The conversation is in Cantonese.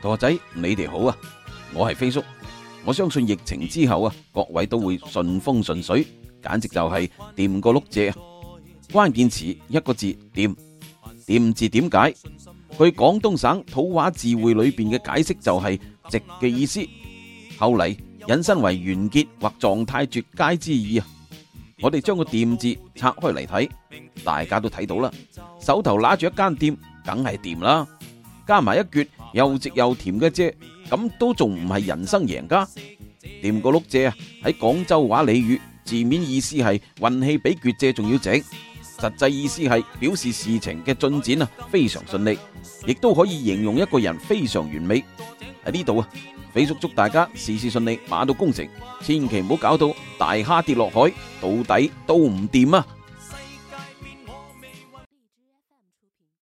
同學仔，你哋好啊！我係飛叔，我相信疫情之後啊，各位都會順風順水，簡直就係掂過碌蔗啊！關鍵詞一個字掂，掂字點解？據廣東省土話字彙裏邊嘅解釋就係直嘅意思，後嚟引申為完結或狀態絕佳之意啊！我哋將個掂字拆開嚟睇，大家都睇到啦，手頭揦住一間店，梗係掂啦。加埋一橛又直又甜嘅蔗，咁都仲唔係人生贏家？掂過碌蔗啊！係廣州話俚語，字面意思係運氣比橛蔗仲要直，實際意思係表示事情嘅進展啊非常順利，亦都可以形容一個人非常完美。喺呢度啊，飛叔祝大家事事順利，馬到功成，千祈唔好搞到大蝦跌落海，到底都唔掂啊！